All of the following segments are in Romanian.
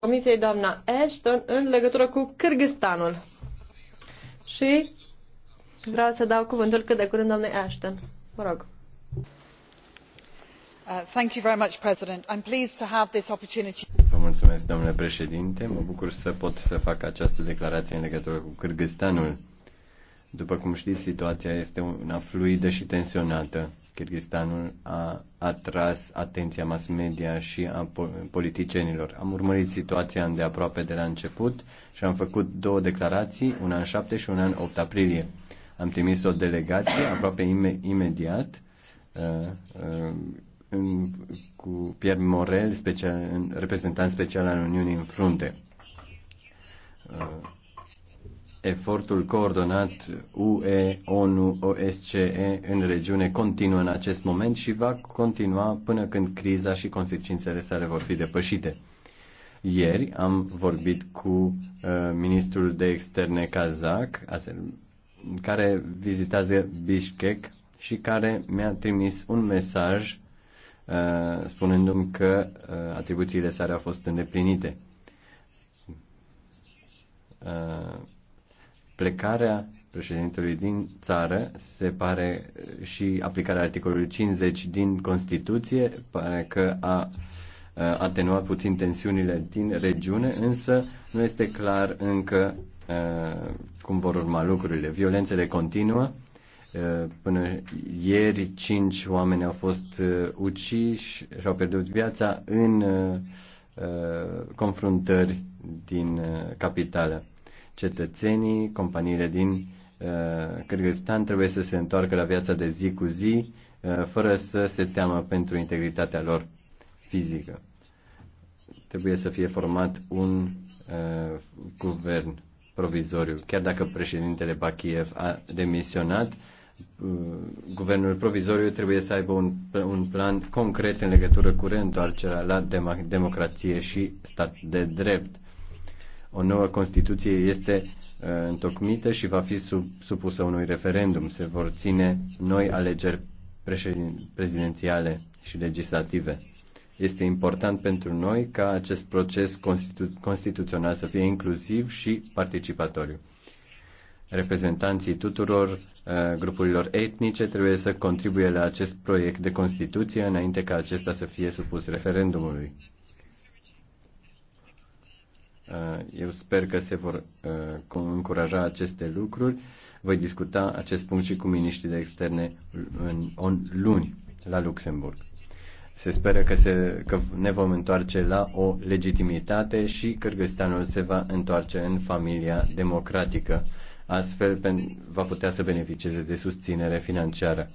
Comisiei doamna Ashton în legătură cu Kyrgyzstanul. Și vreau să dau cuvântul cât de curând doamnei Ashton. Vă rog. Uh, thank you very much, President. I'm pleased to have this opportunity. Vă mulțumesc, domnule președinte. Mă bucur să pot să fac această declarație în legătură cu Kyrgyzstanul. După cum știți, situația este una fluidă și tensionată Kyrgyzstanul a atras atenția mass media și a politicienilor. Am urmărit situația îndeaproape de la început și am făcut două declarații, una în 7 și una în 8 aprilie. Am trimis o delegație aproape ime- imediat uh, uh, în, cu Pierre Morel, special, reprezentant special al Uniunii în frunte. Uh, Efortul coordonat UE, ONU, OSCE în regiune continuă în acest moment și va continua până când criza și consecințele sale vor fi depășite. Ieri am vorbit cu uh, ministrul de externe kazak, care vizitează Bishkek și care mi-a trimis un mesaj uh, spunându-mi că uh, atribuțiile sale au fost îndeplinite. Uh, Plecarea președintelui din țară se pare eh, și aplicarea articolului 50 din Constituție pare că a eh, atenuat puțin tensiunile din regiune, însă nu este clar încă eh, cum vor urma lucrurile. Violențele continuă. Până ieri, cinci oameni au fost uciși și au pierdut viața în confruntări din capitală cetățenii, companiile din uh, Kyrgyzstan trebuie să se întoarcă la viața de zi cu zi, uh, fără să se teamă pentru integritatea lor fizică. Trebuie să fie format un uh, guvern provizoriu. Chiar dacă președintele Bakiev a demisionat, guvernul provizoriu trebuie să aibă un, un plan concret în legătură cu reîntoarcerea la democrație și stat de drept. O nouă Constituție este uh, întocmită și va fi sub, supusă unui referendum. Se vor ține noi alegeri prezidențiale și legislative. Este important pentru noi ca acest proces constitu- constituțional să fie inclusiv și participatoriu. Reprezentanții tuturor uh, grupurilor etnice trebuie să contribuie la acest proiect de Constituție înainte ca acesta să fie supus referendumului Uh, eu sper că se vor uh, încuraja aceste lucruri. Voi discuta acest punct și cu miniștrii de externe în, în luni la Luxemburg. Se speră că, se, că ne vom întoarce la o legitimitate și Cârgăstanul se va întoarce în familia democratică. Astfel va putea să beneficieze de susținere financiară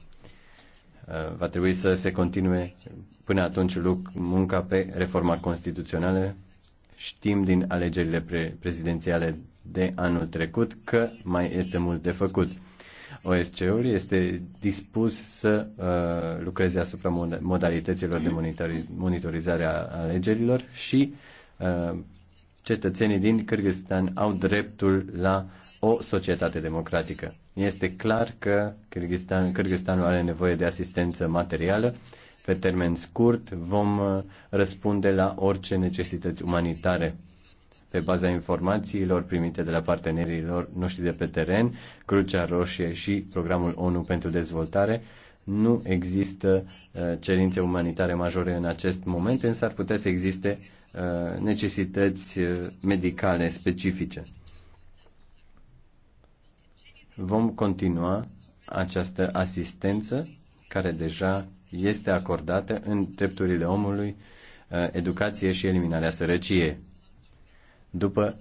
uh, va trebui să se continue până atunci munca pe reforma constituțională Știm din alegerile pre- prezidențiale de anul trecut că mai este mult de făcut. OSCE-ul este dispus să uh, lucreze asupra modalităților de monitorizare a alegerilor și uh, cetățenii din Kyrgyzstan au dreptul la o societate democratică. Este clar că Kyrgyzstan, Kyrgyzstanul are nevoie de asistență materială pe termen scurt vom uh, răspunde la orice necesități umanitare. Pe baza informațiilor primite de la partenerilor noștri de pe teren, Crucea Roșie și Programul ONU pentru Dezvoltare, nu există uh, cerințe umanitare majore în acest moment, însă ar putea să existe uh, necesități medicale specifice. Vom continua această asistență care deja este acordată în drepturile omului, uh, educație și eliminarea sărăciei. După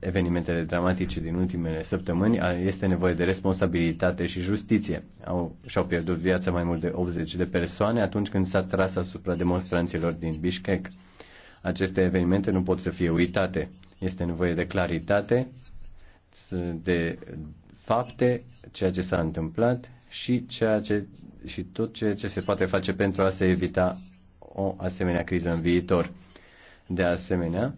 evenimentele dramatice din ultimele săptămâni, este nevoie de responsabilitate și justiție. Au, și-au pierdut viața mai mult de 80 de persoane atunci când s-a tras asupra demonstranților din Bishkek. Aceste evenimente nu pot să fie uitate. Este nevoie de claritate, de fapte, ceea ce s-a întâmplat și ceea ce și tot ceea ce se poate face pentru a se evita o asemenea criză în viitor. De asemenea,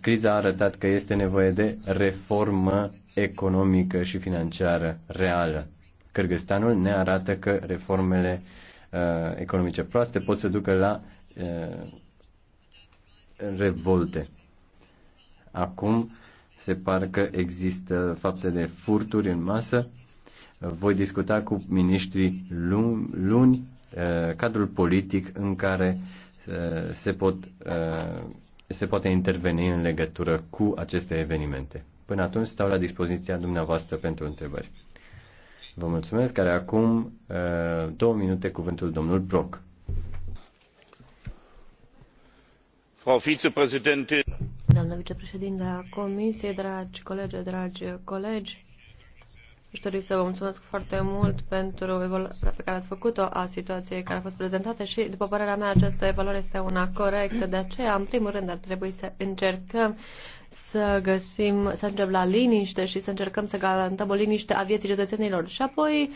criza a arătat că este nevoie de reformă economică și financiară reală. Cârgăstanul ne arată că reformele uh, economice proaste pot să ducă la uh, revolte. Acum se pare că există fapte de furturi în masă voi discuta cu miniștrii luni, luni uh, cadrul politic în care uh, se, pot, uh, se poate interveni în legătură cu aceste evenimente. Până atunci stau la dispoziția dumneavoastră pentru întrebări. Vă mulțumesc, care acum două minute cuvântul domnul Brock. Frau vicepreședinte, Doamnă vicepreședinte a Comisiei, dragi colegi, dragi colegi, Aș dori să vă mulțumesc foarte mult pentru evaluarea pe care ați făcut-o a situației care a fost prezentată și, după părerea mea, această evaluare este una corectă. De aceea, în primul rând, ar trebui să încercăm să găsim, să ajungem la liniște și să încercăm să garantăm o liniște a vieții cetățenilor. Și apoi,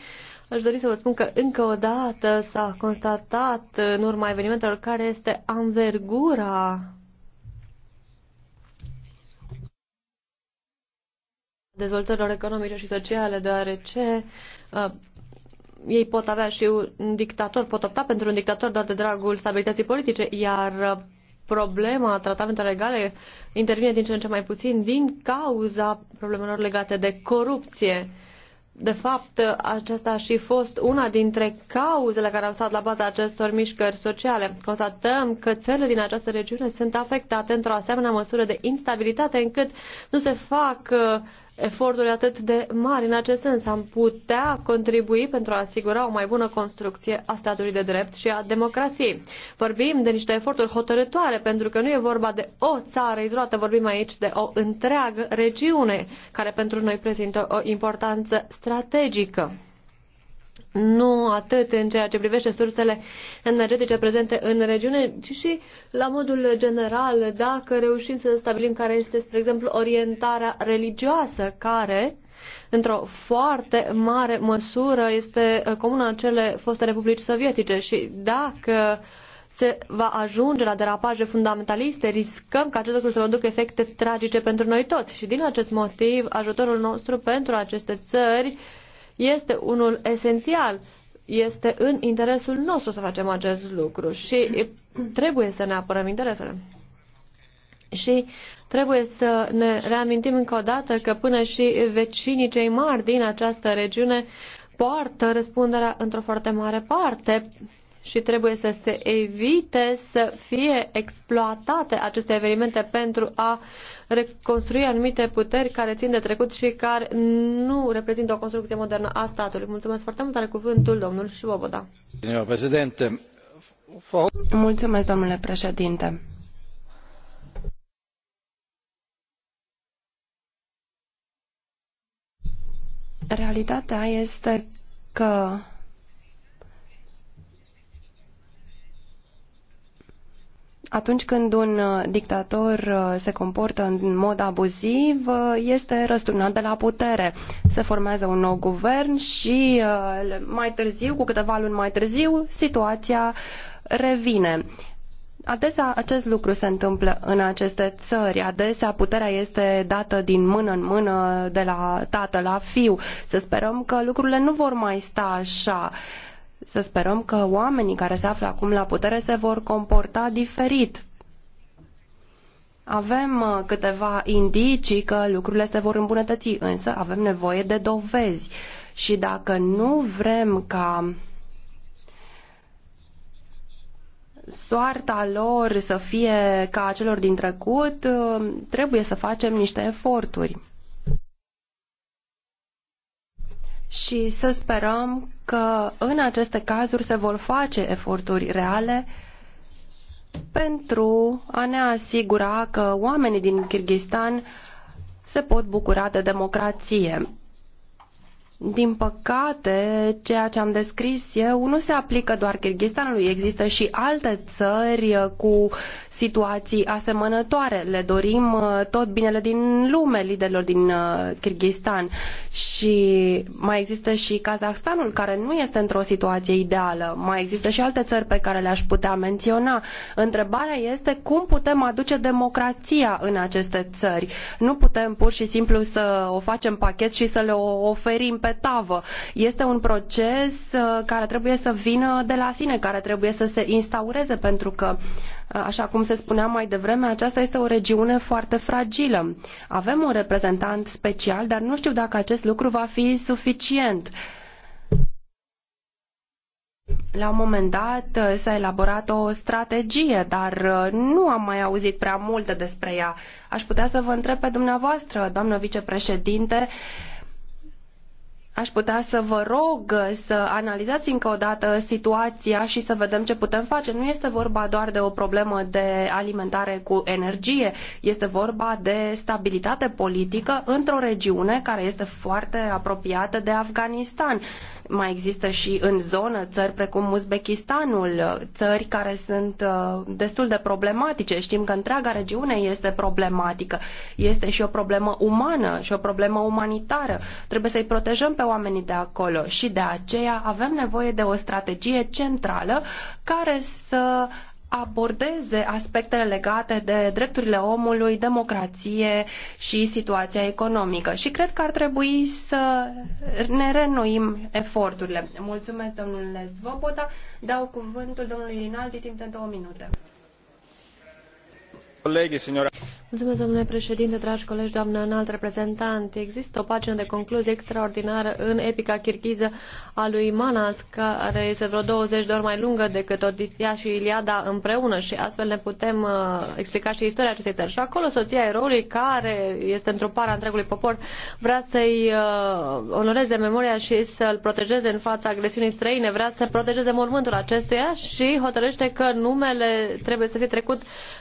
Aș dori să vă spun că încă o dată s-a constatat în urma evenimentelor care este anvergura dezvoltărilor economice și sociale, deoarece uh, ei pot avea și un dictator, pot opta pentru un dictator doar de dragul stabilității politice, iar uh, problema tratamentelor legale intervine din ce în ce mai puțin din cauza problemelor legate de corupție. De fapt, aceasta a și fost una dintre cauzele care au stat la baza acestor mișcări sociale. Constatăm că țările din această regiune sunt afectate într-o asemenea măsură de instabilitate încât nu se fac uh, eforturi atât de mari în acest sens. Am putea contribui pentru a asigura o mai bună construcție a statului de drept și a democrației. Vorbim de niște eforturi hotărătoare, pentru că nu e vorba de o țară izolată, vorbim aici de o întreagă regiune, care pentru noi prezintă o importanță strategică nu atât în ceea ce privește sursele energetice prezente în regiune, ci și la modul general, dacă reușim să stabilim care este, spre exemplu, orientarea religioasă care într-o foarte mare măsură este comună în cele foste republici sovietice și dacă se va ajunge la derapaje fundamentaliste, riscăm ca acest lucru să producă efecte tragice pentru noi toți. Și din acest motiv, ajutorul nostru pentru aceste țări este unul esențial. Este în interesul nostru să facem acest lucru și trebuie să ne apărăm interesele. Și trebuie să ne reamintim încă o dată că până și vecinii cei mari din această regiune poartă răspunderea într-o foarte mare parte și trebuie să se evite să fie exploatate aceste evenimente pentru a reconstrui anumite puteri care țin de trecut și care nu reprezintă o construcție modernă a statului. Mulțumesc foarte mult, are cuvântul domnul Șuboboda. Mulțumesc, domnule președinte. Realitatea este că atunci când un uh, dictator uh, se comportă în mod abuziv, uh, este răsturnat de la putere. Se formează un nou guvern și mai târziu, cu câteva luni mai târziu, situația revine. Adesea acest lucru se întâmplă în aceste țări. Adesea puterea este dată din mână în mână de la tată la fiu. Să sperăm că lucrurile nu vor mai sta așa. Uh, să sperăm că oamenii care se află acum la putere se vor comporta diferit. Avem uh, câteva indicii că lucrurile se vor îmbunătăți, însă avem nevoie de dovezi. Și dacă nu vrem ca soarta lor să fie ca a celor din trecut, uh, trebuie să facem niște eforturi. și să sperăm că în aceste cazuri se vor face eforturi reale pentru a ne asigura că oamenii din Kirghistan se pot bucura de democrație. Din păcate, ceea ce am descris eu nu se aplică doar Kirghistanului. Există și alte țări cu situații asemănătoare. Le dorim uh, tot binele din lume liderilor din uh, Kirghistan și mai există și Kazahstanul care nu este într-o situație ideală. Mai există și alte țări pe care le-aș putea menționa. Întrebarea este cum putem aduce democrația în aceste țări. Nu putem pur și simplu să o facem pachet și să le oferim pe tavă. Este un proces uh, care trebuie să vină de la sine, care trebuie să se instaureze pentru că Așa cum se spunea mai devreme, aceasta este o regiune foarte fragilă. Avem un reprezentant special, dar nu știu dacă acest lucru va fi suficient. La un moment dat uh, s-a elaborat o strategie, dar uh, nu am mai auzit prea multe despre ea. Aș putea să vă întreb pe dumneavoastră, doamnă vicepreședinte, aș putea să vă rog să analizați încă o dată situația și să vedem ce putem face. Nu este vorba doar de o problemă de alimentare cu energie, este vorba de stabilitate politică într-o regiune care este foarte apropiată de Afganistan. Mai există și în zonă țări precum Uzbekistanul, țări care sunt uh, destul de problematice. Știm că întreaga regiune este problematică. Este și o problemă umană și o problemă umanitară. Trebuie să-i protejăm pe oamenii de acolo și de aceea avem nevoie de o strategie centrală care să abordeze aspectele legate de drepturile omului, democrație și situația economică. Și cred că ar trebui să ne reînnoim eforturile. Mulțumesc, domnule Svoboda. Dau cuvântul domnului Rinaldi timp de două minute. Colegii, signora... Mulțumesc, domnule președinte, dragi colegi, doamnă înalt reprezentant. Există o pagină de concluzie extraordinară în epica chirghiză a lui Manas, care este vreo 20 de ori mai lungă decât Odisia și Iliada împreună și astfel ne putem uh, explica și istoria acestei țări. Și acolo soția eroului, care este a întregului popor, vrea să-i uh, onoreze memoria și să-l protejeze în fața agresiunii străine, vrea să protejeze mormântul acestuia și hotărăște că numele trebuie să fie trecut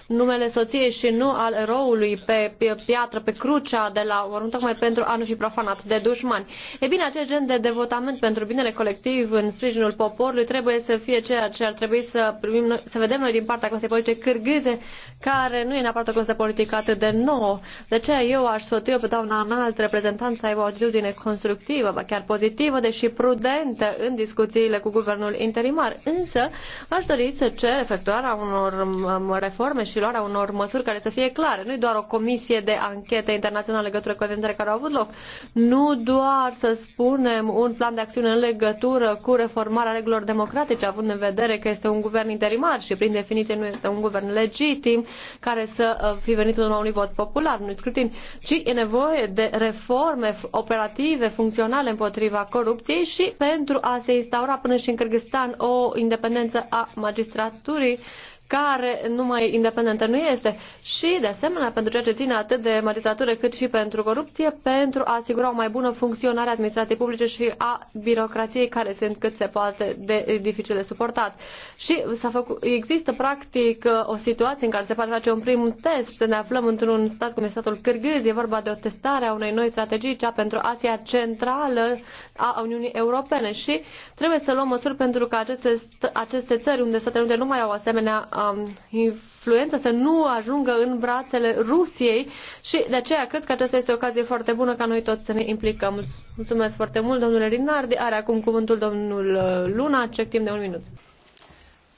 numele soției și nu al eroului eroului pe piatră, pe crucea de la mormânt, tocmai pentru a nu fi profanat de dușmani. E bine, acest gen de devotament pentru binele colectiv în sprijinul poporului trebuie să fie ceea ce ar trebui să, primim noi, să vedem noi din partea clasei politice cârgâze, care nu e neapărat o clasă politică atât de nouă. De ce eu aș sfătui eu pe doamna înalt reprezentant să aibă o atitudine constructivă, ba chiar pozitivă, deși prudentă în discuțiile cu guvernul interimar. Însă, aș dori să cer efectuarea unor um, reforme și luarea unor măsuri care să fie clare nu e doar o comisie de anchete internațională în legătură cu evenimentele care au avut loc, nu doar, să spunem, un plan de acțiune în legătură cu reformarea regulilor democratice, având în vedere că este un guvern interimar și, prin definiție, nu este un guvern legitim care să uh, fi venit în urma unui vot popular, nu scrutin, ci e nevoie de reforme operative, funcționale împotriva corupției și pentru a se instaura până și în Kyrgyzstan o independență a magistraturii care numai independentă nu este și, de asemenea, pentru ceea ce ține atât de magistratură cât și pentru corupție, pentru a asigura o mai bună funcționare a administrației publice și a birocrației care sunt cât se poate de dificil de suportat. Și s-a făcut, există, practic, o situație în care se poate face un prim test. Ne aflăm într-un stat cum este statul Cârgâz, e vorba de o testare a unei noi strategii, cea pentru Asia Centrală a Uniunii Europene și trebuie să luăm măsuri pentru că aceste, aceste țări unde Statele Unite nu mai au asemenea um, influență să nu ajungă în brațele Rusiei și de aceea cred că aceasta este o ocazie foarte bună ca noi toți să ne implicăm. Mulțumesc foarte mult, domnule Rinardi. Are acum cuvântul domnul uh, Luna, cec timp de un minut.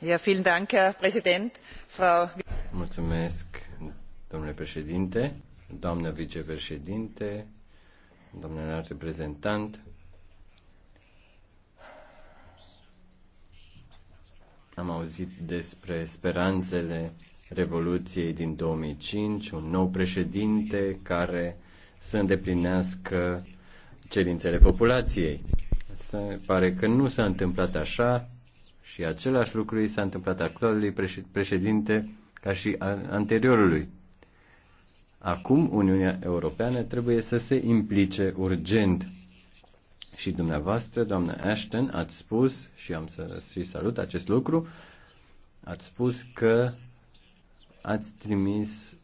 Ja, vielen Dank, Herr Präsident. Frau... Mulțumesc, domnule președinte, doamnă vicepreședinte, domnule reprezentant, Am auzit despre speranțele Revoluției din 2005, un nou președinte care să îndeplinească cerințele populației. Se pare că nu s-a întâmplat așa și același lucru s-a întâmplat actualului președinte ca și anteriorului. Acum Uniunea Europeană trebuie să se implice urgent și dumneavoastră, doamnă Ashton, ați spus, și am să și salut acest lucru, ați spus că ați trimis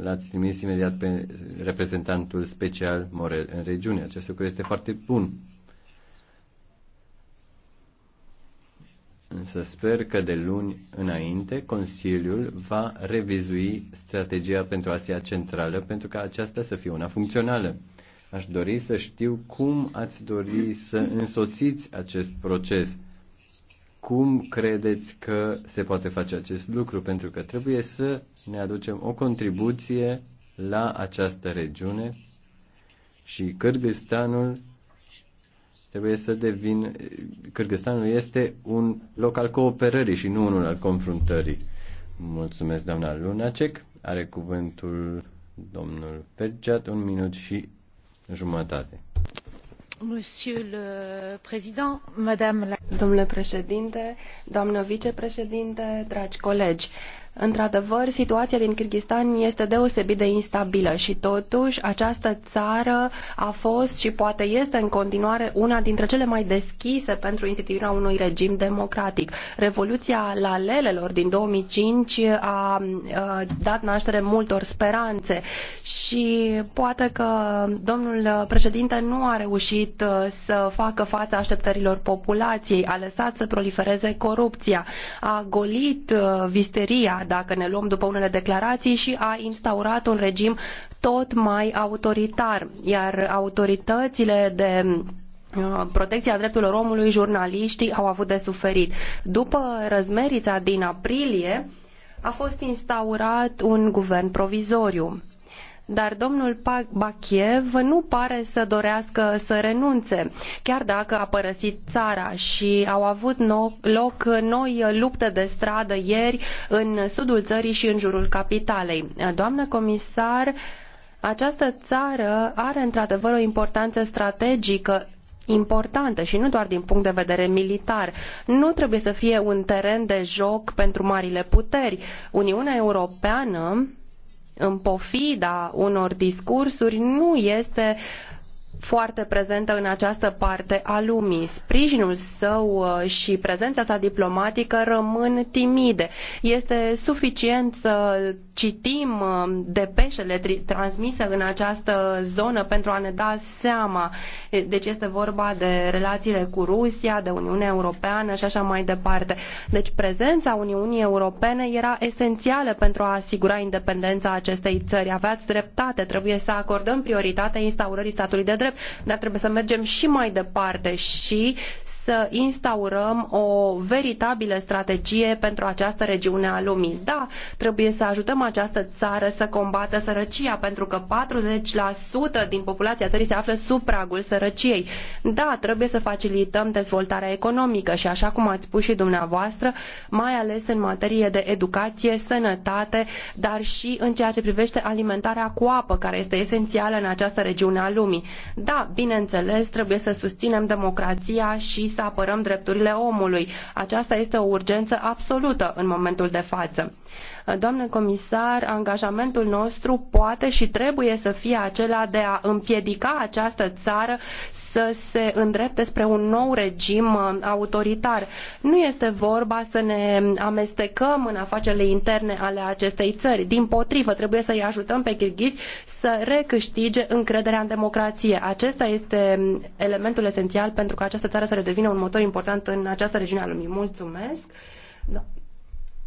l-ați trimis imediat pe reprezentantul special Morel în regiune. Acest lucru este foarte bun. Însă sper că de luni înainte Consiliul va revizui strategia pentru Asia Centrală pentru ca aceasta să fie una funcțională. Aș dori să știu cum ați dori să însoțiți acest proces. Cum credeți că se poate face acest lucru? Pentru că trebuie să ne aducem o contribuție la această regiune și Kyrgyzstanul trebuie să devină. Kyrgyzstanul este un loc al cooperării și nu unul al confruntării. Mulțumesc, doamna Lunacek. Are cuvântul domnul Perciat. un minut și jumătate. Domnule președinte, domnule vicepreședinte, dragi colegi, Într-adevăr, situația din Kyrgyzstan este deosebit de instabilă și totuși această țară a fost și poate este în continuare una dintre cele mai deschise pentru instituirea unui regim democratic. Revoluția lalelelor din 2005 a dat naștere multor speranțe și poate că domnul președinte nu a reușit uh, să facă față așteptărilor populației, a lăsat să prolifereze corupția, a golit uh, visteria dacă ne luăm după unele declarații, și a instaurat un regim tot mai autoritar, iar autoritățile de uh, protecția drepturilor omului, jurnaliștii au avut de suferit. După răzmerița din aprilie, a fost instaurat un guvern provizoriu dar domnul Bachiev nu pare să dorească să renunțe, chiar dacă a părăsit țara și au avut loc noi lupte de stradă ieri în sudul țării și în jurul capitalei. Doamnă comisar, această țară are într-adevăr o importanță strategică importantă și nu doar din punct de vedere militar. Nu trebuie să fie un teren de joc pentru marile puteri. Uniunea Europeană în pofida unor discursuri, nu este foarte prezentă în această parte a lumii. Sprijinul său uh, și prezența sa diplomatică rămân timide. Este suficient să citim uh, depeșele transmise în această zonă pentru a ne da seama. Deci este vorba de relațiile cu Rusia, de Uniunea Europeană și așa mai departe. Deci prezența Uniunii Europene era esențială pentru a asigura independența acestei țări. Aveați dreptate, trebuie să acordăm prioritate instaurării statului de drept dar trebuie să mergem și mai departe și să instaurăm o veritabilă strategie pentru această regiune a lumii. Da, trebuie să ajutăm această țară să combată sărăcia, pentru că 40% din populația țării se află sub pragul sărăciei. Da, trebuie să facilităm dezvoltarea economică și, așa cum ați spus și dumneavoastră, mai ales în materie de educație, sănătate, dar și în ceea ce privește alimentarea cu apă, care este esențială în această regiune a lumii. Da, bineînțeles, trebuie să susținem democrația și să apărăm drepturile omului. Aceasta este o urgență absolută în momentul de față. Doamnă comisar, angajamentul nostru poate și trebuie să fie acela de a împiedica această țară să se îndrepte spre un nou regim uh, autoritar. Nu este vorba să ne amestecăm în afacerile interne ale acestei țări. Din potrivă, trebuie să îi ajutăm pe kirghizi să recâștige încrederea în democrație. Acesta este um, elementul esențial pentru ca această țară să redevină un motor important în această regiune a lumii. Mulțumesc! Da.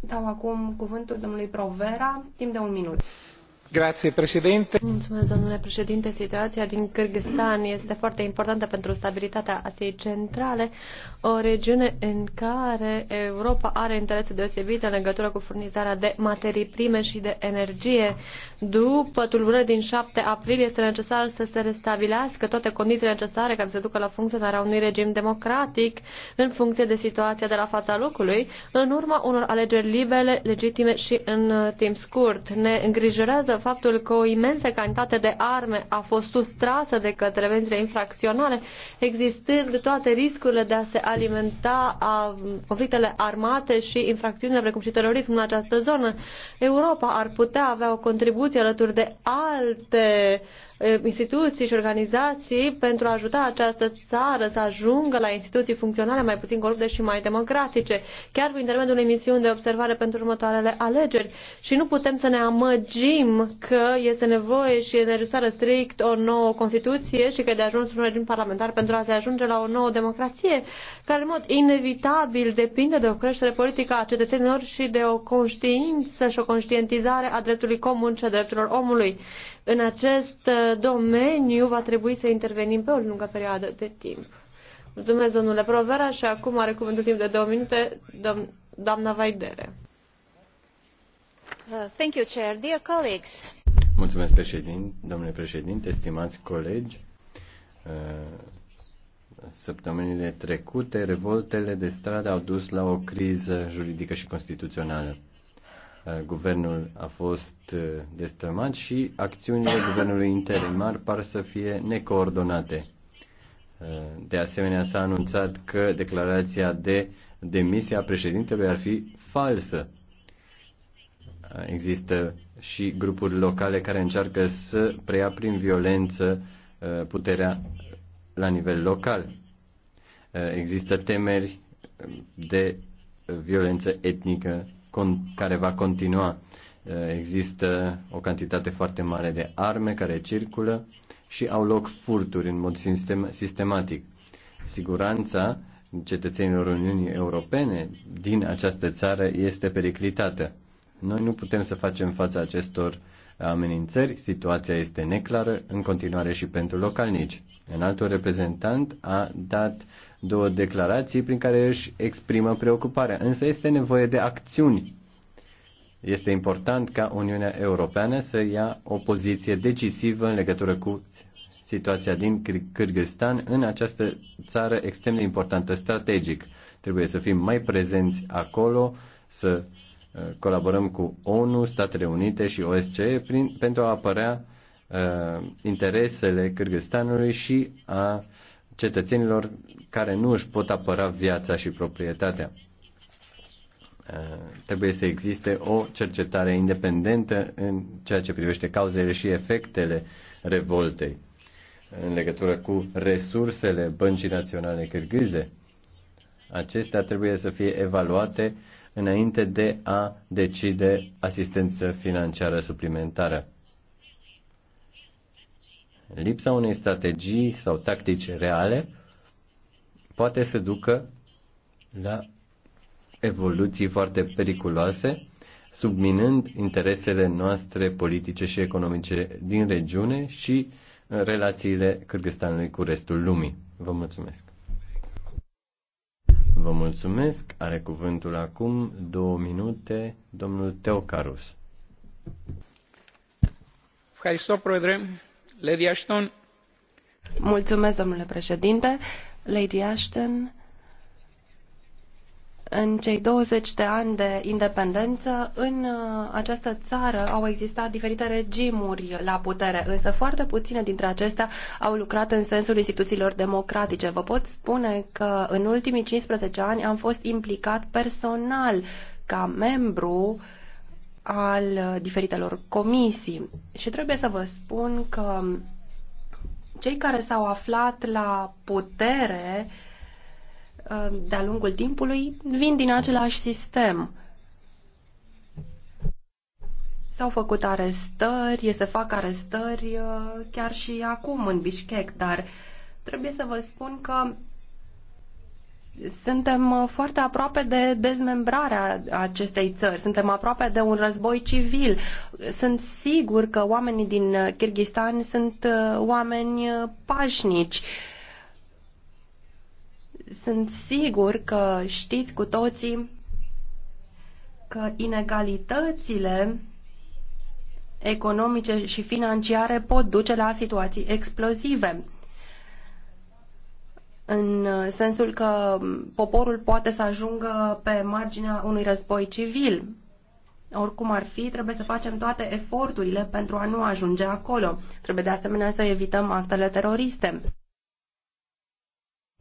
Dau acum cuvântul domnului Provera, timp de un minut. Mulțumesc, domnule președinte. Situația din kârgâzstan este foarte importantă pentru stabilitatea Asiei Centrale, o regiune în care Europa are interese deosebite în legătură cu furnizarea de materii prime și de energie. După tulburări din 7 aprilie, este necesar să se restabilească toate condițiile necesare care se ducă la funcționarea unui regim democratic în funcție de situația de la fața locului, în urma unor alegeri libere, legitime și în timp scurt. Ne îngrijorează faptul că o imensă cantitate de arme a fost sustrasă de către venzile infracționale, existând toate riscurile de a se alimenta a conflictele armate și infracțiunile precum și terorismul în această zonă. Europa ar putea avea o contribuție contribuții alături de alte instituții și organizații pentru a ajuta această țară să ajungă la instituții funcționale mai puțin corupte și mai democratice, chiar prin intermediul unei misiuni de observare pentru următoarele alegeri. Și nu putem să ne amăgim că este nevoie și e necesară strict o nouă Constituție și că de ajuns un regim parlamentar pentru a se ajunge la o nouă democrație care în mod inevitabil depinde de o creștere politică a cetățenilor și de o conștiință și o conștientizare a dreptului comun și a drepturilor omului. În acest uh, domeniu va trebui să intervenim pe o lungă perioadă de timp. Mulțumesc, domnule Provera, și acum are cuvântul timp de două minute dom- doamna Vaidere. Uh, thank you, Chair. Dear colleagues. Mulțumesc, președinte, domnule președinte, estimați colegi. Uh, săptămânile trecute, revoltele de stradă au dus la o criză juridică și constituțională. Uh, guvernul a fost uh, destrămat și acțiunile guvernului interimar par să fie necoordonate. Uh, de asemenea, s-a anunțat că declarația de demisia președintelui ar fi falsă. Există și grupuri locale care încearcă să preia prin violență puterea la nivel local. Uh, există temeri de violență etnică care va continua. Uh, există o cantitate foarte mare de arme care circulă și au loc furturi în mod sistem- sistematic. Siguranța cetățenilor Uniunii Europene din această țară este periclitată. Noi nu putem să facem față acestor amenințări, situația este neclară în continuare și pentru localnici altul reprezentant a dat două declarații prin care își exprimă preocuparea, însă este nevoie de acțiuni. Este important ca Uniunea Europeană să ia o poziție decisivă în legătură cu situația din Kyrgyzstan în această țară extrem de importantă strategic. Trebuie să fim mai prezenți acolo, să uh, colaborăm cu ONU, Statele Unite și OSCE prin, pentru a apărea Uh, interesele Kyrgyzstanului și a cetățenilor care nu își pot apăra viața și proprietatea. Uh, trebuie să existe o cercetare independentă în ceea ce privește cauzele și efectele revoltei în legătură cu resursele Băncii Naționale Cârgâze. Acestea trebuie să fie evaluate înainte de a decide asistență financiară suplimentară Lipsa unei strategii sau tactici reale poate să ducă la evoluții foarte periculoase, subminând interesele noastre politice și economice din regiune și uh, relațiile Cârgăstanului cu restul lumii. Vă mulțumesc! Vă mulțumesc. Are cuvântul acum două minute domnul Teocarus. Ευχαριστώ, Πρόεδρε. Lady Ashton. Mulțumesc, domnule președinte. Lady Ashton, în cei 20 de ani de independență, în uh, această țară au existat diferite regimuri la putere, însă foarte puține dintre acestea au lucrat în sensul instituțiilor democratice. Vă pot spune că în ultimii 15 ani am fost implicat personal ca membru uh, al uh, diferitelor comisii. Și trebuie să vă spun că cei care s-au aflat la putere uh, de-a lungul timpului vin din același sistem. S-au făcut arestări, se fac arestări uh, chiar și acum în Bishkek, dar trebuie să vă spun că suntem uh, foarte aproape de dezmembrarea acestei țări, suntem aproape de un război civil. Sunt sigur că oamenii din uh, Kirghistan sunt uh, oameni pașnici. Sunt sigur că știți cu toții că inegalitățile economice și financiare pot duce la situații explozive în uh, sensul că um, poporul poate să ajungă pe marginea unui război civil. Oricum ar fi, trebuie să facem toate eforturile pentru a nu ajunge acolo. Trebuie de asemenea să evităm actele teroriste.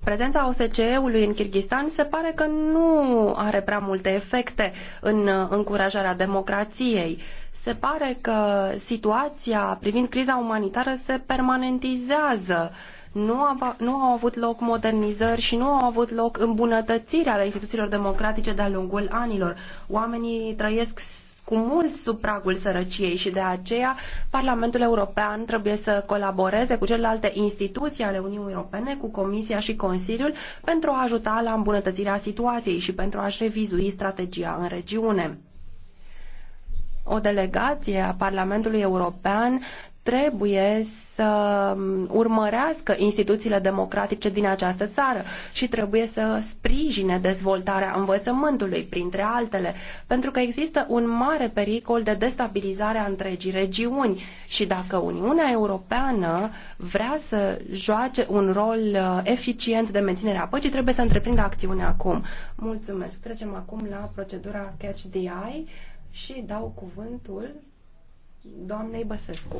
Prezența OSCE-ului în Kirghistan se pare că nu are prea multe efecte în uh, încurajarea democrației. Se pare că situația privind criza umanitară se permanentizează uh, nu, nu au avut loc modernizări și nu au avut loc îmbunătățiri ale instituțiilor democratice de-a lungul anilor. Oamenii trăiesc cu mult sub pragul sărăciei și de aceea Parlamentul European trebuie să colaboreze cu celelalte instituții ale Uniunii Europene, cu Comisia și Consiliul, pentru a ajuta la îmbunătățirea situației și pentru a-și revizui strategia în regiune. O delegație a Parlamentului European trebuie să urmărească instituțiile democratice din această țară și trebuie să sprijine dezvoltarea învățământului, printre altele, pentru că există un mare pericol de destabilizare a întregii regiuni și dacă Uniunea Europeană vrea să joace un rol uh, eficient de menținere a păcii, trebuie să întreprindă acțiune acum. Mulțumesc. Trecem acum la procedura Catch the Eye și dau cuvântul doamnei Băsescu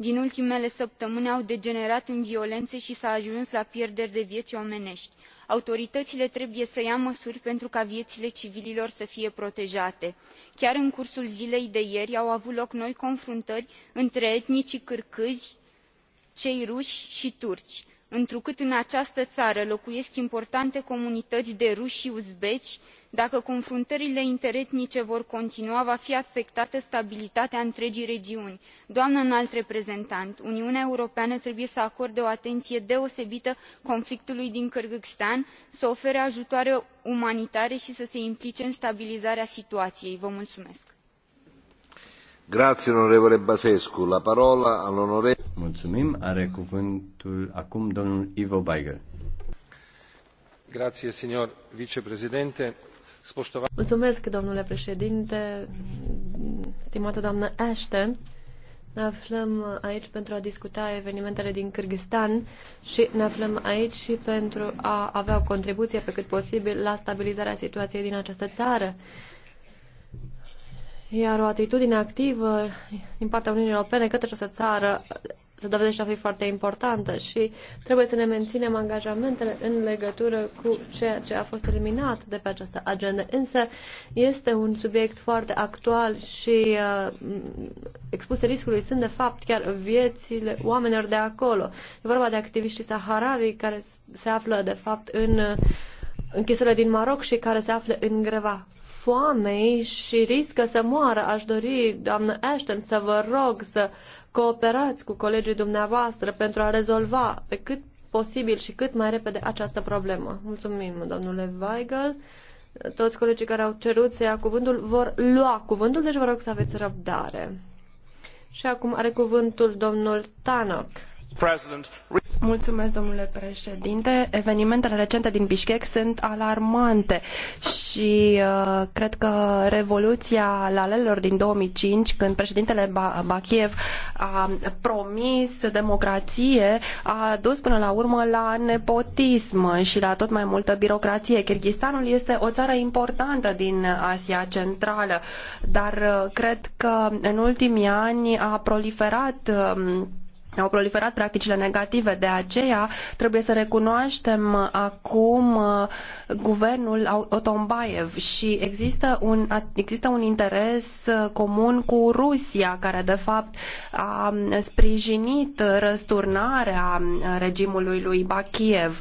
din ultimele săptămâni au degenerat în violene i s a ajuns la pierderi de viei omeneti. autorităile trebuie să ia măsuri pentru ca vieile civililor să fie protejate. chiar în cursul zilei de ieri au avut loc noi confruntări între etnicii kârgâzi cei rui i turci. întrucât în această ară locuiesc importante comunităi de rui i uzbeci dacă confruntările interetnice vor continua va fi afectată stabilitatea întregii regiuni. doamnă înalt reprezentant uniunea europeană trebuie să acorde o atenie deosebită conflictului din kârgâzstan să ofere ajutoare umanitare i să se implice în stabilizarea situaiei. Mulțumim. Are acum Mulțumesc, domnule președinte, stimată doamnă Ashton. Ne aflăm aici pentru a discuta evenimentele din Kyrgyzstan și ne aflăm aici și pentru a avea o contribuție pe cât posibil la stabilizarea situației din această țară. Iar o atitudine activă din partea Uniunii Europene către această țară se dovedește a fi foarte importantă și trebuie să ne menținem angajamentele în legătură cu ceea ce a fost eliminat de pe această agendă. Însă este un subiect foarte actual și uh, expuse riscului sunt de fapt chiar viețile oamenilor de acolo. E vorba de activiștii saharavi care se află de fapt în uh, închisorile din Maroc și care se află în greva foamei și riscă să moară. Aș dori, doamnă Ashton, să vă rog să uh, cooperați cu colegii dumneavoastră pentru a rezolva pe cât posibil și cât mai repede această problemă. Mulțumim, domnule Weigel. Toți colegii care au cerut să ia cuvântul vor lua cuvântul, deci vă rog să aveți răbdare. Și acum are cuvântul domnul Tanok. President... Mulțumesc, domnule președinte. Evenimentele recente din Bishkek sunt alarmante și uh, cred că revoluția lalelor din 2005, când președintele Bakiev a promis democrație, a dus până la urmă la nepotism și la tot mai multă birocrație. Kirghistanul este o țară importantă din Asia Centrală, dar uh, cred că în ultimii ani a proliferat uh, au proliferat practicile negative. De aceea trebuie să recunoaștem acum uh, guvernul Otombaev și există un, există un interes uh, comun cu Rusia, care de fapt a uh, sprijinit răsturnarea regimului lui Bakiev.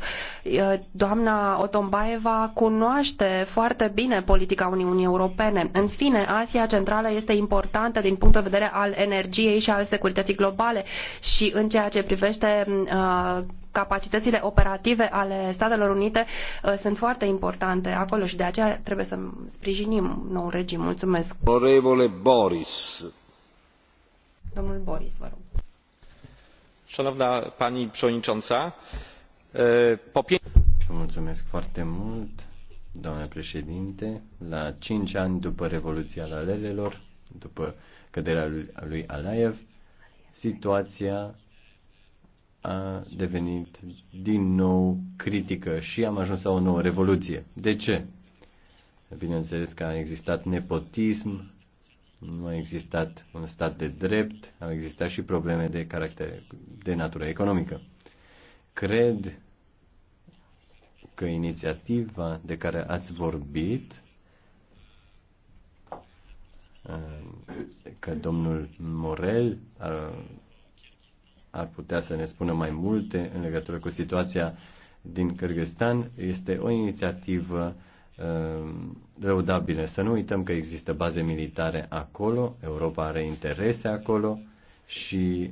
Eh, doamna Otombaeva cunoaște foarte bine politica Uniunii Europene. În fine, Asia Centrală este importantă din punct de vedere al energiei și al securității globale și în ceea ce privește eh, capacitățile operative ale Statelor Unite eh, sunt foarte importante acolo și de aceea trebuie să sprijinim noul regim. Mulțumesc. Orevole Boris. Domnul Boris, vă rog. Szanowna Pani Przewodnicząca, Eh, mulțumesc foarte mult, președinte. La cinci ani după Revoluția Lalelelor, după căderea lui Alaev, situația a devenit din nou critică și am ajuns la o nouă revoluție. De ce? Bineînțeles că a existat nepotism, nu a existat un stat de drept, au existat și probleme de caracter, de natură economică. Cred că inițiativa de care ați vorbit, că domnul Morel ar, uh, ar putea să ne spună mai multe în legătură cu situația din Kyrgyzstan, este o inițiativă uh, răudabilă. Să nu uităm că există baze militare acolo, Europa are interese acolo și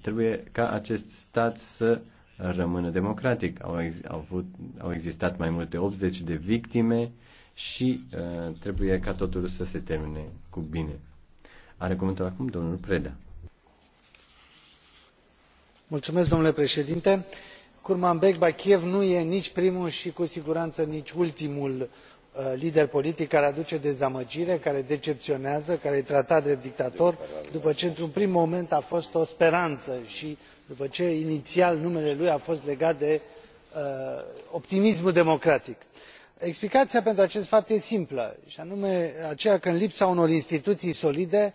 trebuie ca acest stat să uh, rămână democratic. Au, ex, au, avut, au existat mai multe 80 de victime și uh, trebuie ca totul să se termine cu bine. Are cuvântul acum domnul Preda. Mulțumesc, domnule președinte. Kurmanbek Bakiev nu e nici primul și cu siguranță nici ultimul Uh, lider politic care aduce dezamăgire care decepionează care e tratat drept dictator după ce într un prim moment a fost o sperană i după ce iniial numele lui a fost legat de uh, optimismul democratic. explicaia pentru acest fapt este simplă i anume aceea că în lipsa unor instituii solide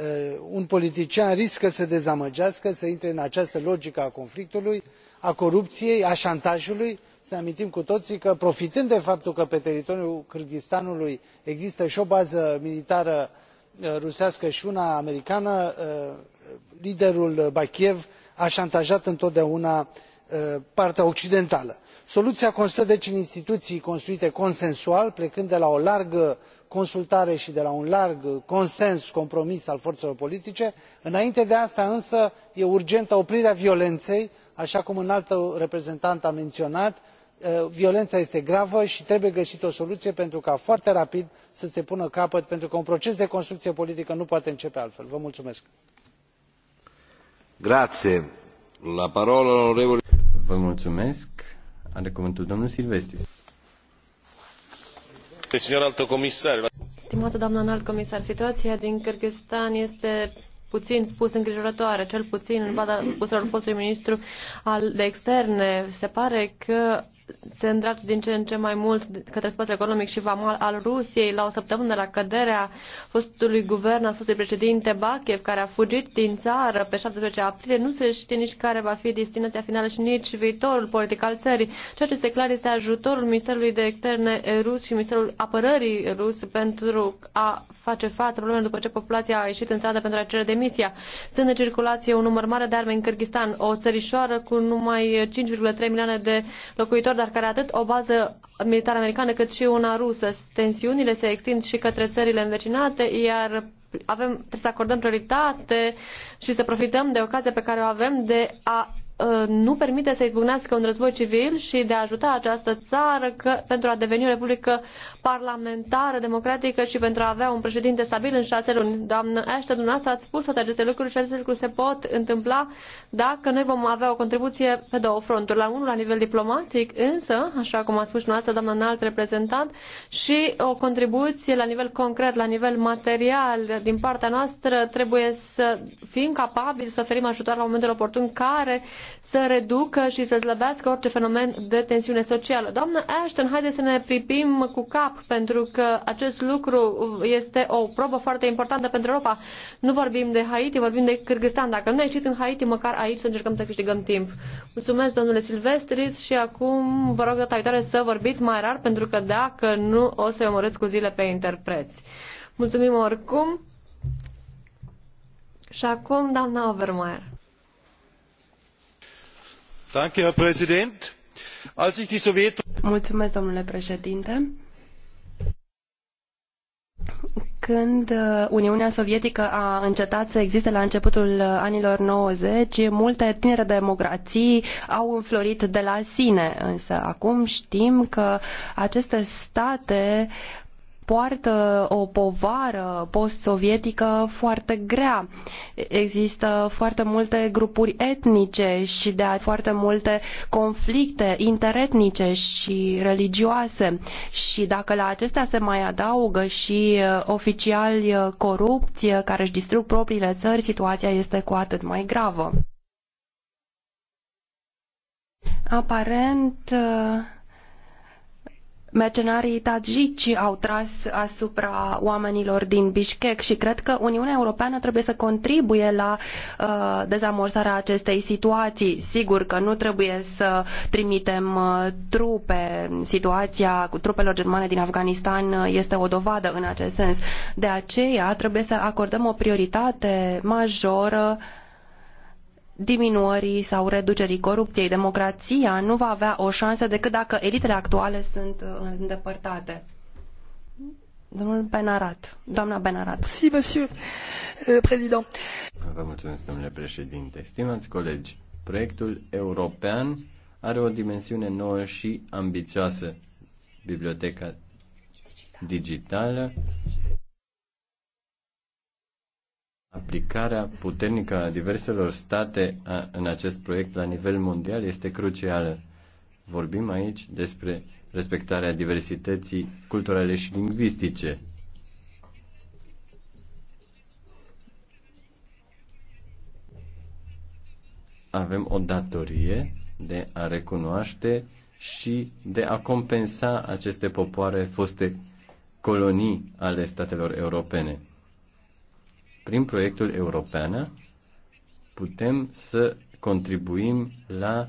uh, un politician riscă să dezamăgească să intre în această logică a conflictului a corupiei a antajului să ne amintim cu toții că profitând de faptul că pe teritoriul kârgâzstanului există și o bază militară uh, rusească și una americană uh, liderul bakiyev a șantajat întotdeauna uh, partea occidentală. soluția constă deci în instituții construite consensual plecând de la o largă consultare și de la un larg consens compromis al forțelor politice. înainte de asta însă este urgentă oprirea violenței așa cum înaltul reprezentant a menționat Eh, violența este gravă și trebuie găsită o soluție, pentru ca foarte rapid să se pună capăt pentru că un proces de construcție politică nu poate începe altfel. vă mulumesc. Vă mulțumesc. Are cuvântul domnul Silvestris. Stimată doamnă înalt comisar, situația din Kyrgyzstan este puțin spus îngrijorătoare, cel puțin în bada spuselor fostului ministru al de externe. Se pare că se îndreaptă din ce în ce mai mult către spațiul economic și vamal al Rusiei. La o săptămână de la căderea fostului guvern al fostului președinte Bachev, care a fugit din țară pe 17 aprilie, nu se știe nici care va fi destinația finală și nici viitorul politic al țării. Ceea ce este clar este ajutorul Ministerului de Externe rus și Ministerul Apărării rus pentru a face față problemelor după ce populația a ieșit în stradă pentru a cere de demisia. Sunt în circulație un număr mare de arme în Kyrgyzstan, o țărișoară cu numai 5,3 milioane de locuitori, dar care atât o bază militară americană cât și una rusă. Tensiunile se extind și către țările învecinate, iar avem, trebuie să acordăm prioritate și să profităm de ocazia pe care o avem de a Uh, nu permite să izbucnească un război civil și de a ajuta această țară că, pentru a deveni o republică parlamentară, democratică și pentru a avea un președinte stabil în șase luni. Doamnă Ashton, dumneavoastră ați spus toate aceste lucruri și aceste lucruri se pot întâmpla dacă noi vom avea o contribuție pe două fronturi. La unul, la nivel diplomatic, însă, așa cum ați spus dumneavoastră, doamna înalt reprezentant, și o contribuție la nivel concret, la nivel material, din partea noastră, trebuie să fim capabili să oferim ajutor la momentul oportun care să reducă și să slăbească orice fenomen de tensiune socială. Doamnă Ashton, haideți să ne pripim cu cap, pentru că acest lucru este o probă foarte importantă pentru Europa. Nu vorbim de Haiti, vorbim de Kyrgyzstan. Dacă nu a ieșit în Haiti, măcar aici să încercăm să câștigăm timp. Mulțumesc, domnule Silvestris, și acum vă rog data viitoare să vorbiți mai rar, pentru că dacă nu, o să-i omorâți cu zile pe interpreți. Mulțumim oricum. Și acum, doamna Obermeier când uh, Uniunea Sovietică a încetat să existe la începutul anilor 90, multe tinere democrații au înflorit de la sine, însă acum știm că aceste state poartă o povară post-sovietică foarte grea. Există foarte multe grupuri etnice și de foarte multe conflicte interetnice și religioase. Și dacă la acestea se mai adaugă și uh, oficiali uh, corupți uh, care își distrug propriile țări, situația este cu atât mai gravă. Aparent, mercenarii tajici au tras asupra oamenilor din Bishkek și cred că Uniunea Europeană trebuie să contribuie la uh, dezamorsarea acestei situații. Sigur că nu trebuie să trimitem uh, trupe. Situația trupelor germane din Afganistan uh, este o dovadă în acest sens. De aceea trebuie să acordăm o prioritate majoră diminuării sau reducerii corupției. Democrația nu va avea o șansă decât dacă elitele actuale sunt uh, îndepărtate. Domnul Benarat, doamna Benarat. Si, monsieur le président. Vă mulțumesc, domnule președinte. Stimați colegi, proiectul european are o dimensiune nouă și ambițioasă. Biblioteca digitală Aplicarea puternică a diverselor state a, în acest proiect la nivel mondial este crucială. Vorbim aici despre respectarea diversității culturale și lingvistice. Avem o datorie de a recunoaște și de a compensa aceste popoare foste colonii ale statelor europene. Prin proiectul european putem să contribuim la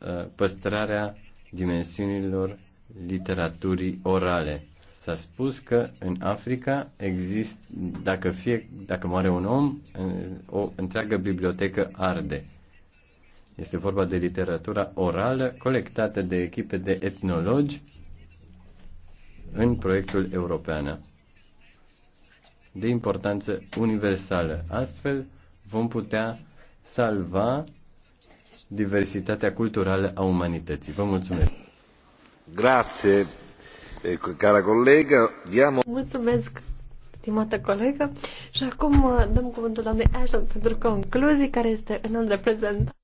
uh, păstrarea dimensiunilor literaturii orale. S-a spus că în Africa există, dacă, fie, dacă moare un om, uh, o întreagă bibliotecă arde. Este vorba de literatura orală colectată de echipe de etnologi în proiectul european de importanță universală. Astfel vom putea salva diversitatea culturală a umanității. Vă mulțumesc! Grazie, cara colegă. Diamo... Mulțumesc, stimată colegă. Și acum uh, dăm cuvântul doamnei Ashton pentru concluzii, care este în reprezentant.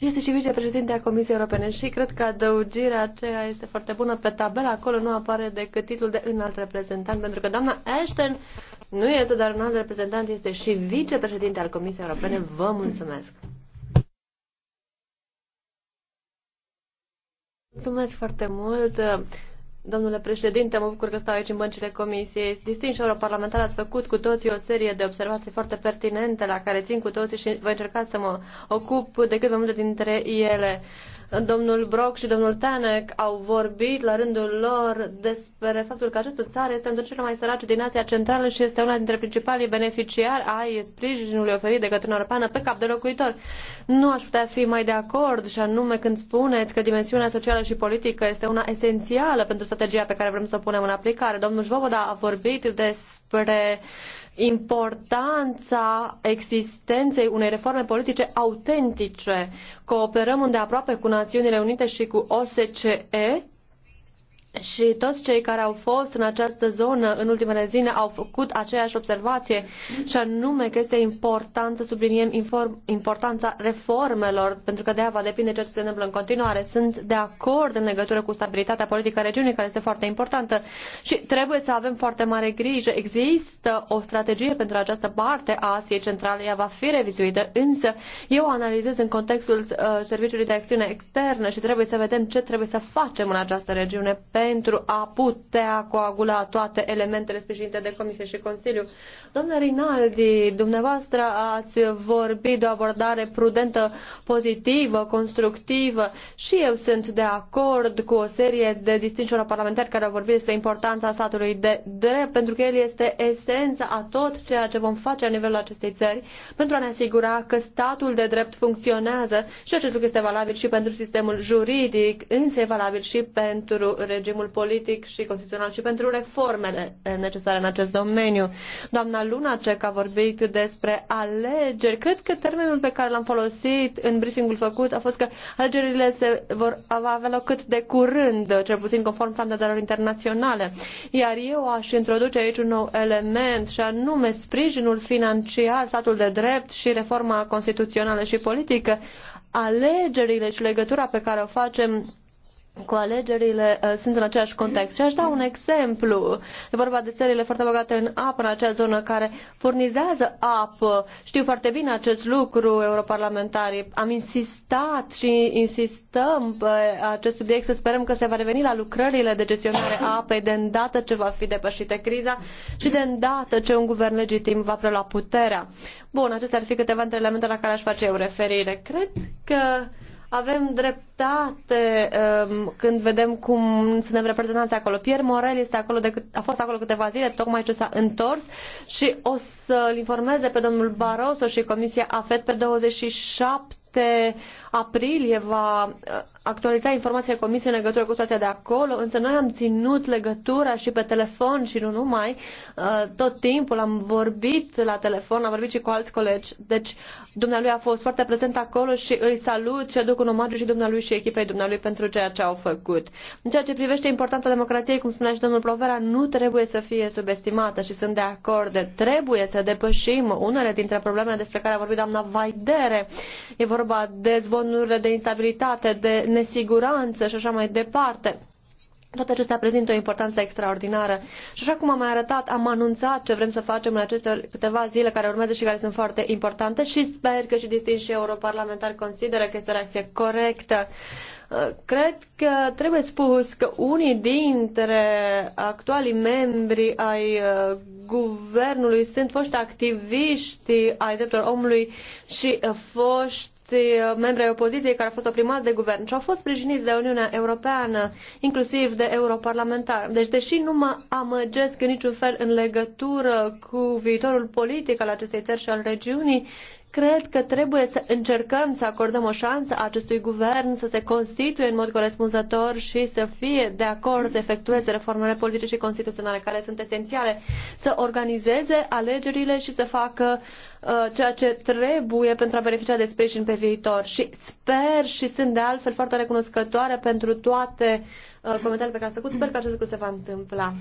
Este și vicepreședinte a Comisiei Europene și cred că adăugirea aceea este foarte bună. Pe tabela acolo nu apare decât titlul de înalt reprezentant, pentru că doamna Ashton nu este doar alt reprezentant, este și vicepreședinte al Comisiei Europene. Vă mulțumesc! Mulțumesc foarte mult! Domnule președinte, mă bucur că stau aici în băncile comisiei. Distinși europarlamentari, ați făcut cu toții o serie de observații foarte pertinente la care țin cu toții și voi încerca să mă ocup de cât mai multe dintre ele. Domnul Brock și domnul Tanek au vorbit la rândul lor despre faptul că această țară este într-o cele mai sărace din Asia Centrală și este una dintre principalii beneficiari ai sprijinului oferit de către Uniunea Europeană pe cap de locuitor. Nu aș putea fi mai de acord și anume când spuneți că dimensiunea socială și politică este una esențială pentru strategia pe care vrem să o punem în aplicare. Domnul Jvoboda a vorbit despre importanța existenței unei reforme politice autentice. Cooperăm îndeaproape cu Națiunile Unite și cu OSCE și toți cei care au fost în această zonă în ultimele zile au făcut aceeași observație și anume că este important să subliniem inform, importanța reformelor, pentru că de ea va depinde ceea ce se întâmplă în continuare. Sunt de acord în legătură cu stabilitatea politică a regiunii, care este foarte importantă și trebuie să avem foarte mare grijă. Există o strategie pentru această parte a Asiei Centrale, ea va fi revizuită, însă eu analizez în contextul uh, Serviciului de Acțiune Externă și trebuie să vedem ce trebuie să facem în această regiune pentru a putea coagula toate elementele sprijinite de Comisie și Consiliu. Domnule Rinaldi, dumneavoastră ați vorbit de o abordare prudentă, pozitivă, constructivă și eu sunt de acord cu o serie de distinși parlamentari care au vorbit despre importanța statului de drept, pentru că el este esența a tot ceea ce vom face la nivelul acestei țări pentru a ne asigura că statul de drept funcționează și acest lucru este valabil și pentru sistemul juridic, însă e valabil și pentru regiunea regimul politic și constituțional și pentru reformele necesare în acest domeniu. Doamna Cec a vorbit despre alegeri. Cred că termenul pe care l-am folosit în briefingul făcut a fost că alegerile se vor avea loc cât de curând, cel puțin conform standardelor internaționale. Iar eu aș introduce aici un nou element și anume sprijinul financiar, statul de drept și reforma constituțională și politică. Alegerile și legătura pe care o facem cu alegerile uh, sunt în același context. Și aș da un exemplu. E vorba de țările foarte bogate în apă, în acea zonă care furnizează apă. Știu foarte bine acest lucru, europarlamentarii. Am insistat și insistăm pe acest subiect să sperăm că se va reveni la lucrările de gestionare a apei de îndată ce va fi depășită criza și de îndată ce un guvern legitim va prelua puterea. Bun, acestea ar fi câteva dintre elemente la care aș face eu referire. Cred că avem dreptate um, când vedem cum suntem reprezentanți acolo. Pierre Morel este acolo de, a fost acolo câteva zile, tocmai ce s-a întors și o să-l informeze pe domnul Barroso și Comisia AFET pe 27 7 aprilie va uh, actualiza informațiile Comisiei în legătură cu situația de acolo, însă noi am ținut legătura și pe telefon și nu numai, uh, tot timpul am vorbit la telefon, am vorbit și cu alți colegi, deci dumnealui a fost foarte prezent acolo și îi salut și aduc un omagiu și dumnealui și echipei dumnealui pentru ceea ce au făcut. În ceea ce privește importanța democrației, cum spunea și domnul Provera, nu trebuie să fie subestimată și sunt de acord, trebuie să depășim unele dintre problemele despre care a vorbit doamna Vaidere. E vorba vorba de zvonurile de instabilitate, de nesiguranță și așa mai departe. Toate acestea prezintă o importanță extraordinară. Și așa cum am mai arătat, am anunțat ce vrem să facem în aceste câteva zile care urmează și care sunt foarte importante și sper că și distinși europarlamentari consideră că este o reacție corectă Uh, cred că trebuie spus că unii dintre actualii membri ai uh, guvernului sunt foști activiști ai drepturilor omului și uh, foști membri ai opoziției care au fost oprimați de guvern și au fost sprijiniți de Uniunea Europeană, inclusiv de Europarlamentar. Deci, deși nu mă amăgesc în niciun fel în legătură cu viitorul politic al acestei țări și al regiunii, Cred că trebuie să încercăm să acordăm o șansă acestui guvern să se constituie în mod corespunzător și să fie de acord să efectueze reformele politice și constituționale care sunt esențiale, să organizeze alegerile și să facă uh, ceea ce trebuie pentru a beneficia de sprijin pe viitor. Și sper și sunt de altfel foarte recunoscătoare pentru toate uh, comentariile pe care s-au făcut. Sper că acest lucru se va întâmpla.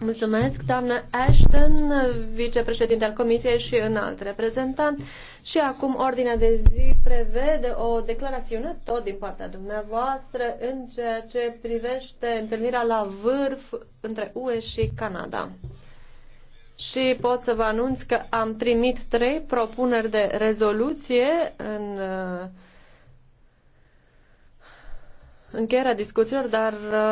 Mulțumesc, doamnă Ashton, vicepreședinte al Comisiei și înalt reprezentant. Și acum ordinea de zi prevede o declarațiune tot din partea dumneavoastră în ceea ce privește întâlnirea la vârf între UE și Canada. Și pot să vă anunț că am primit trei propuneri de rezoluție în uh, încheierea discuțiilor, dar uh,